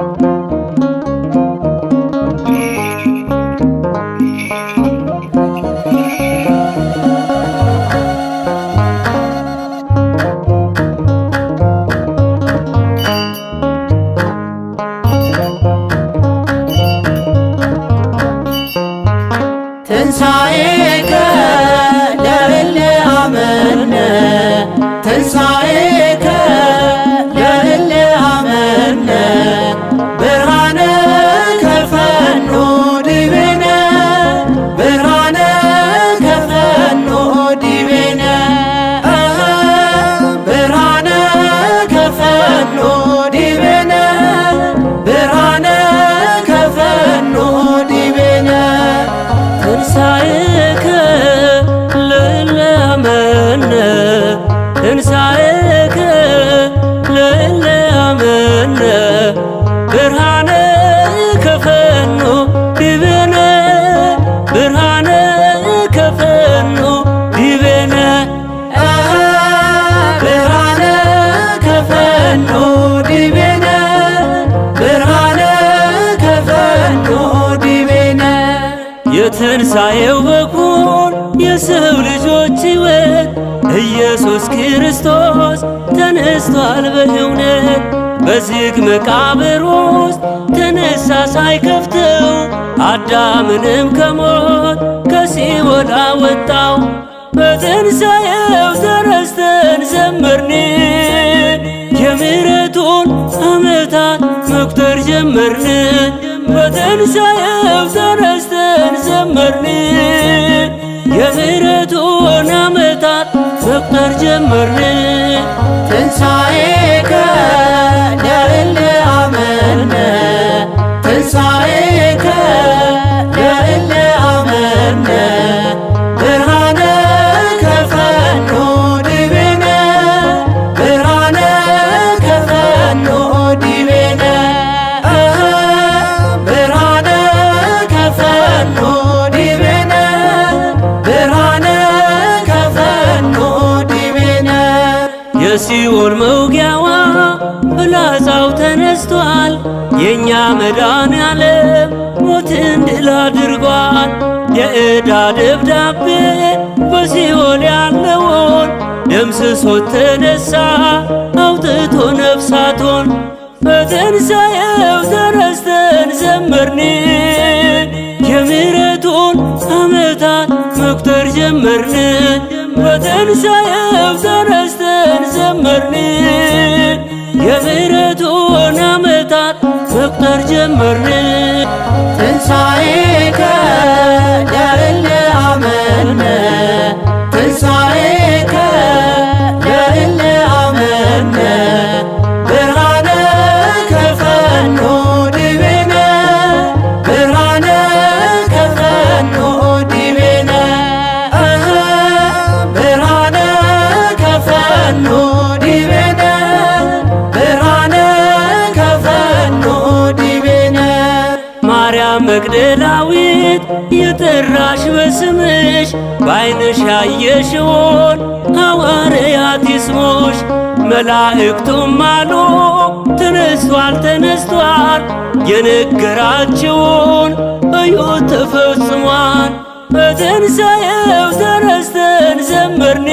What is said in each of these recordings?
Thank you. በትንሣኤው በኩል የሰው ልጆች ሕይወት ኢየሱስ ክርስቶስ ተነስቷል በእውነት። በዝግ መቃብር ውስጥ ተነሳ ሳይከፍተው አዳምንም ከሞት ከሲኦል አወጣው። በትንሣኤው ተረስተን ዘመርን የምሕረቱን ዓመታት መቁጠር ጀመርን በትንሣኤው ተረ ጀመርን የምህረቱን ዓመታት መቁጠር ጀመርን ትንሣኤ ተነስቷል። የእኛ መዳን ያለም ሞትን ድል አድርጓል። የእዳ ደብዳቤ በሲኦል ያለውን ደምስሶ ተነሳ አውጥቶ ነፍሳቶን በትንሣኤው ተነስተን ዘመርን የምሕረቱን ዓመታት መቁጠር ጀመርን። በትንሣኤው ተነስተን ዘመርን የምሕረቱን ዓመታት መቁጠር ጀመርን። ትንሣኤከ ዳርለ አመነ ባይንሽ ያየሽውን ሐዋርያት ይስሙሽ፣ መላእክቱም አሉ ተነስቷል ተነስቷል። የነገራችውን እዩ ተፈጽሟል። በትንሣኤው ተረስተን ዘመርን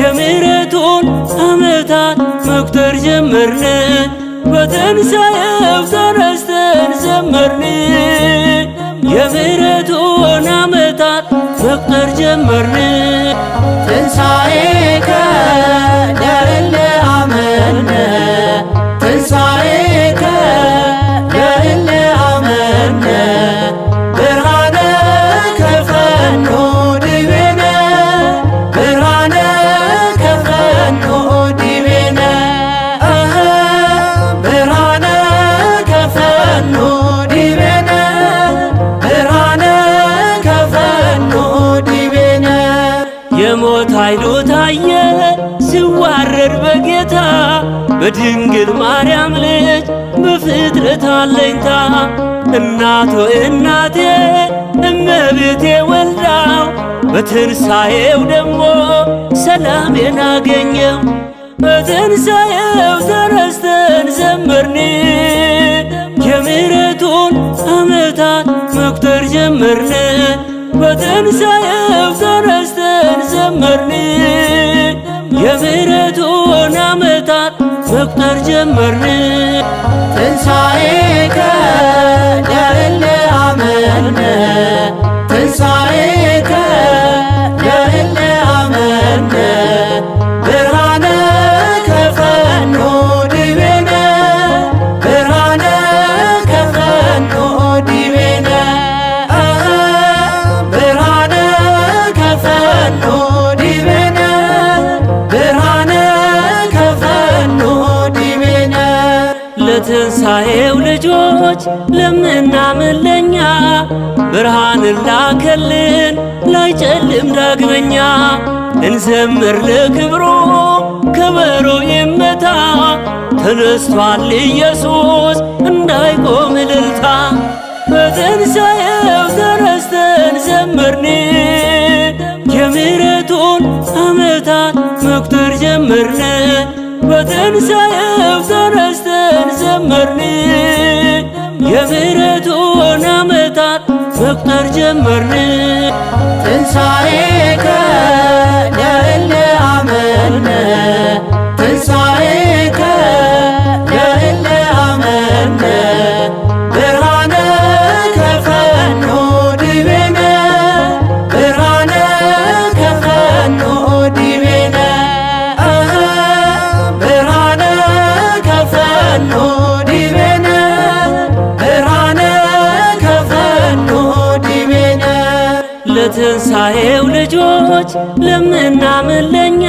የምሕረቱን ዓመታት መቁጠር ጀመርን። በትንሣኤው ተረስተን ዘመርን የምሕረቱን መቁጠር ጀመርን ትንሣኤከ ለእለ አመነ ትንሣኤ አለኝታ እናቶ እናቴ እመቤቴ ወልዳው በትንሣኤው ደግሞ ሰላሜን አገኘው በትንሣኤው ተረስተን ዘመርን የምሕረቱን ዓመታት መቁጠር ጀመርን በትንሣኤው መቁጠር ጀመርን ትንሣኤከ ያለ አመነ ትንሣኤ የትንሣኤው ልጆች ለምናምን ለኛ ብርሃንን ላከልን ላይጨልም ዳግመኛ እንዘምር ለክብሩ ከበሮ ይመታ ተነስቷል ኢየሱስ እንዳይቆም እልልታ በትንሣኤው ተረስተን ዘምርን የምሕረቱን ዓመታት መቁጠር ጀመርን በትንሣኤ የምሕረቱን ዓመታት መቁጠር ጀመርን። ትንሣኤከ ለእለ አመልነ በትንሣኤው ልጆች ለምናምን ለኛ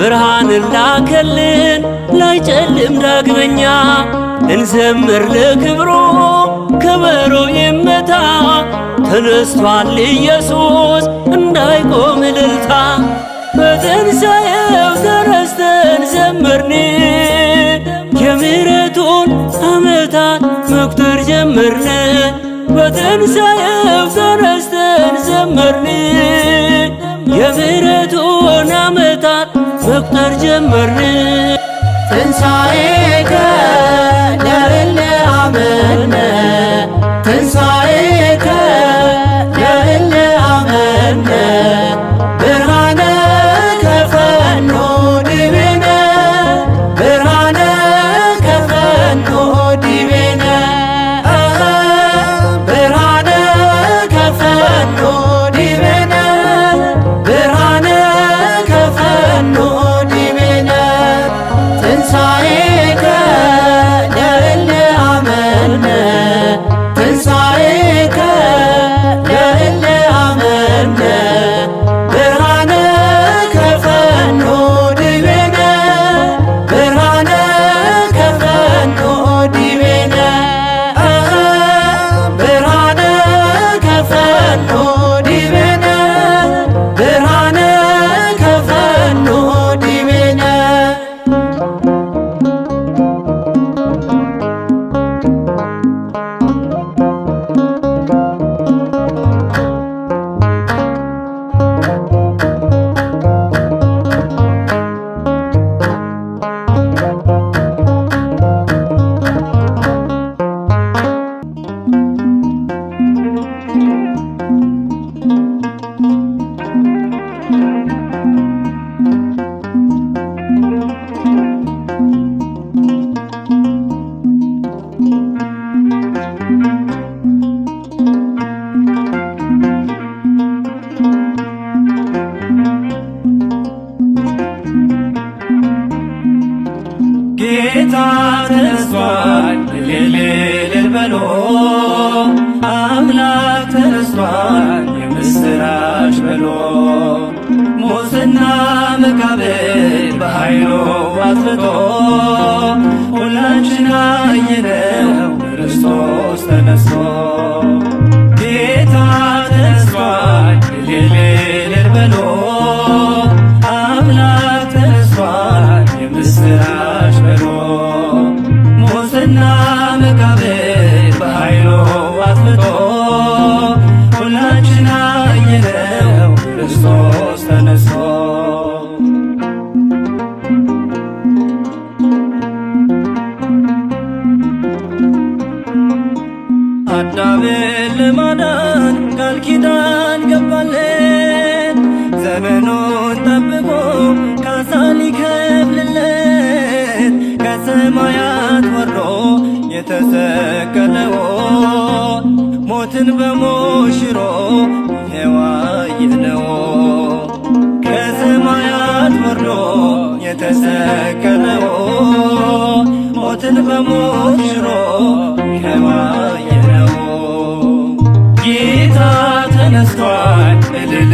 ብርሃንን ላከልን ላይጨልም ዳግመኛ እንዘምር ለክብሩ ከበሮ ይመታ ተነስቷል ኢየሱስ እንዳይቆም እልልታ በትንሣኤው ተረስተን ዘምርን የምሕረቱን ዓመታት መቁጠር ጀመርን በትንሣኤው ተረስ ዘመርን የምሕረቱን ዓመታት መቁጠር ጀመርን ትንሣኤ ምስራች ብሎ ሙስና መቃብር በኃይሉ አጥፍቶ ሁላችን አየነው ክርስቶስ ተነስቶ ለማዳን ቃል ኪዳን ገባልን ዘመኑን ጠብቆ ካሳ ሊከፍልልን ከሰማያት ወርዶ የተሰቀለው ሞትን በሞት ከሰማያት ወርዶ የተሰቀለው ሞትን ተነስቷል እልል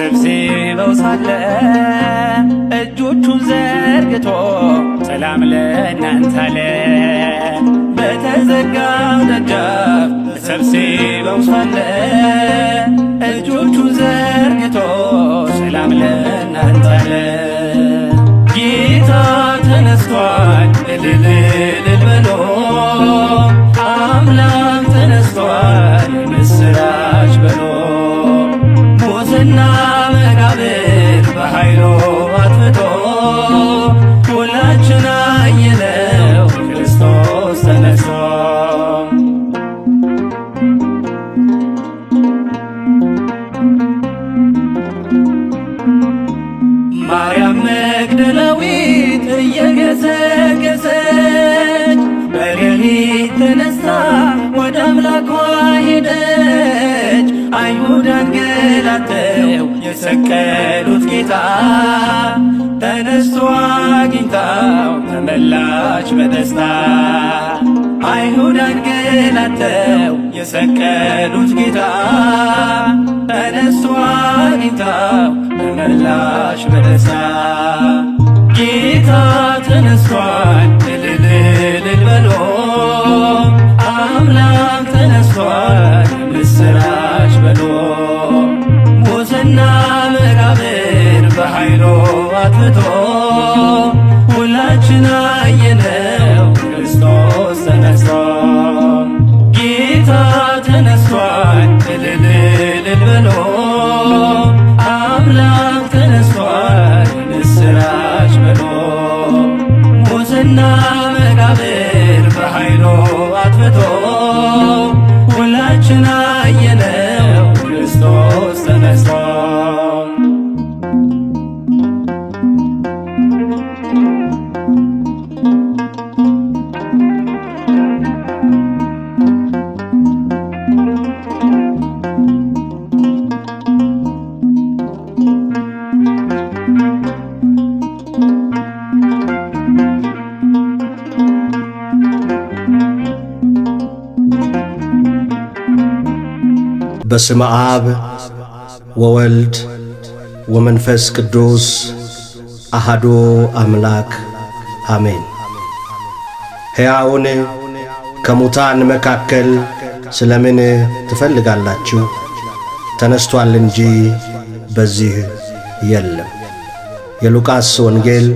ተሰብስበው ሳለ እጆቹን ዘርግቶ ሰላም ለእናንተ አለ። በተዘጋው ደጃፍ ተሰብስበው ሳለ እጆቹን ዘርግቶ ሰላም ለእናንተ አለ። ጌታ ተነስቷል እልል እልል በሎ አምላክ ተነስቷል የሰቀሉት ጌታ ተነስቶ አግኝታው በመላሽ በደሳ ጌታ ተነስቷል እልል እልል በሎ አምላክ ተነስቷል na me cabeza. በስመ አብ ወወልድ ወመንፈስ ቅዱስ አሃዶ አምላክ አሜን። ሕያውን ከሙታን መካከል ስለ ምን ትፈልጋላችሁ? ተነስቷል እንጂ በዚህ የለም። የሉቃስ ወንጌል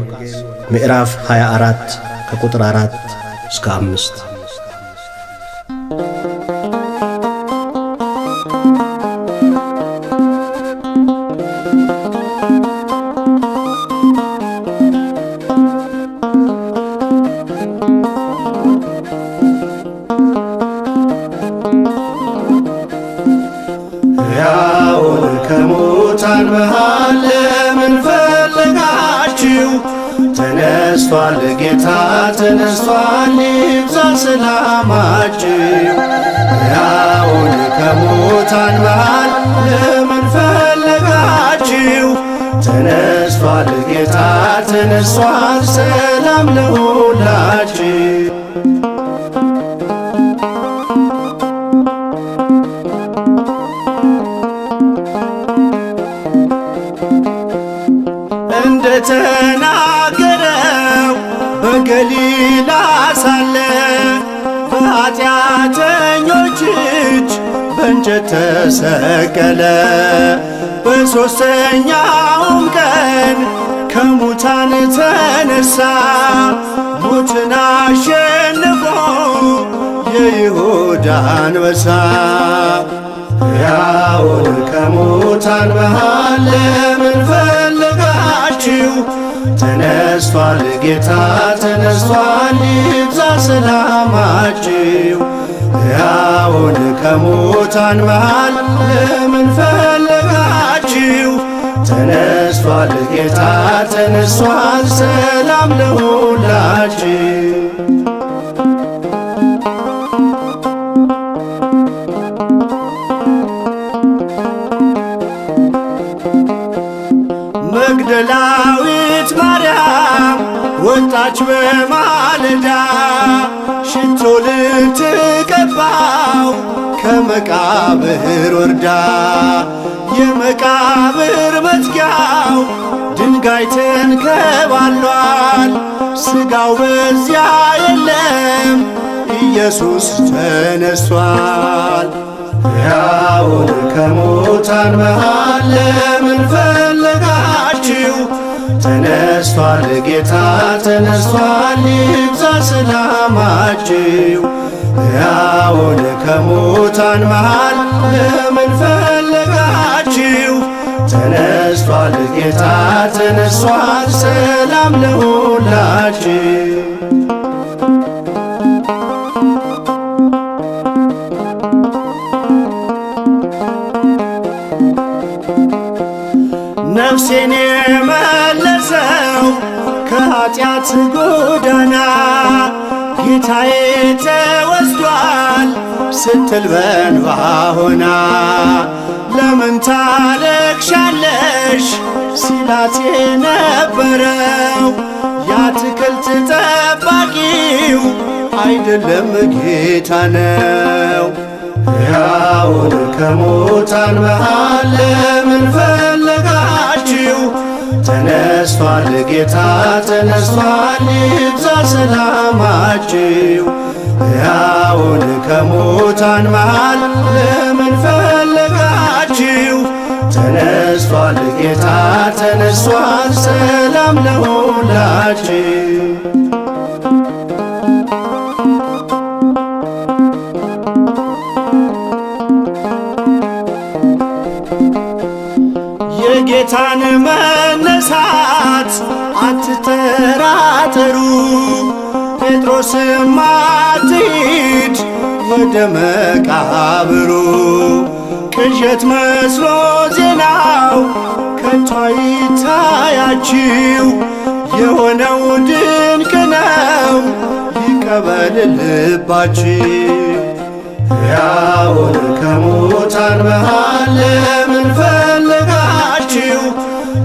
ምዕራፍ 24 ከቁጥር 4 እስከ 5 መሃል ምን ፈለጋችሁ? ተነስቷል ጌታ ተነስቷል፣ ይብዛ ሰላማችሁ። ሕያውን ከሙታን መሃል ለምን ፈለጋችሁ? ተነስቷል ጌታ ተነስቷል፣ ሰላም ለሁላችሁ ተሰቀለ። በሦስተኛውም ቀን ከሙታን ተነሳ፣ ሞትን አሸንፎ የይሁዳ አንበሳ። ሕያውን ከሙታን መሃል ለምን ፈልጋችሁ ተነስቷል ጌታ ተነስቷል፣ ይብዛ ሰላማችሁ። ሕያውን ከሙታን መሃል ለምን ፈለጋችሁ? ተነሷል ጌታ ተነሷል፣ ሰላም ለሁላችሁ። መግደላዊት ማርያም ወጣች በማለዳ መቃብር ወርዳ የመቃብር መዝጊያው ድንጋይ ተንከባሏል። ሥጋው በዚያ የለም ኢየሱስ ተነሷል። ሕያውን ከሙታን መሃል ለምን ፈለጋችሁ? ተነስቷል ጌታ ተነስቷል፣ ይብዛ ሰላማችሁ። ሕያውን ከሙታን መሃል ለምን ፈለጋችሁ? ተነስቷል ጌታ ተነስቷል፣ ሰላም ለሁላችሁ። ነፍሴን የመለሰው ከኃጢአት ጎዳና ጌታዬ ስትል በንባ ሆና ለምን ታለቅሻለሽ ሲላት የነበረው የአትክልት ጠባቂው አይደለም ጌታ ነው። ሕያውን ከሙታን መሃል ለምን ፈለጋችሁ? ተነስቷል ጌታ ተነስቷል፣ ይብዛ ሰላማችሁ። ሕያውን ከሙታን መሃል ለምን ፈለጋችሁ? ተነስቷል ጌታ ተነስቷል፣ ሰላም ለሁላችሁ። የጌታን መነሳት አትጠራጠሩ ጴጥሮስም አትሂድ ወደ መቃብሩ ቅዠት መስሎ ዜናው ከቶ ይታያችው የሆነው ድንቅ ነው ይቀበል ልባችሁ ሕያውን ከሙታን መሃል ለምን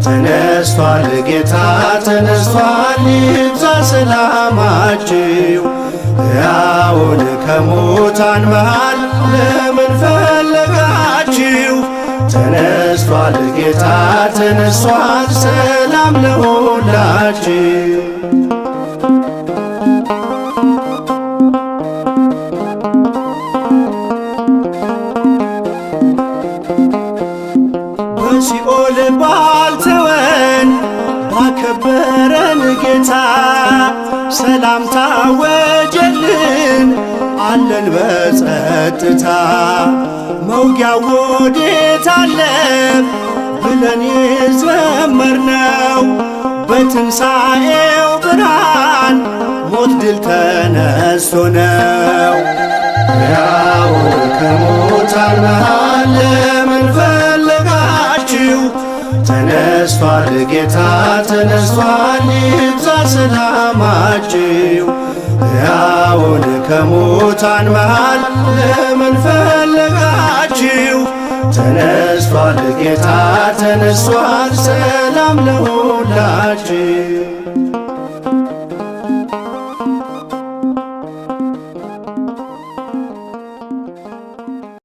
ተነስቷል ጌታ ተነስቷል፣ ይብዛ ሰላማችሁ። ሕያውን ከሙታን መሃል ለምን ፈለጋችሁ? ተነስቷል ጌታ ተነስቷል፣ ሰላም ለሁላችሁ። በጸጥታ መውጊያ ወዴት አለ ብለን ነው! በትንሣኤው ብርሃን ሞት ድል ተነስቶ ነው። ያው ከሞታና ለምን ፈለጋችሁ? ተነስቷል ጌታ ተነስቷል፣ ይብዛ ሰላማችሁ ሕያውን ከሙታን መሃል ለምን ፈለጋችሁ? ተነስቷል ጌታ ተነስቷል፣ ሰላም ለሁላችሁ።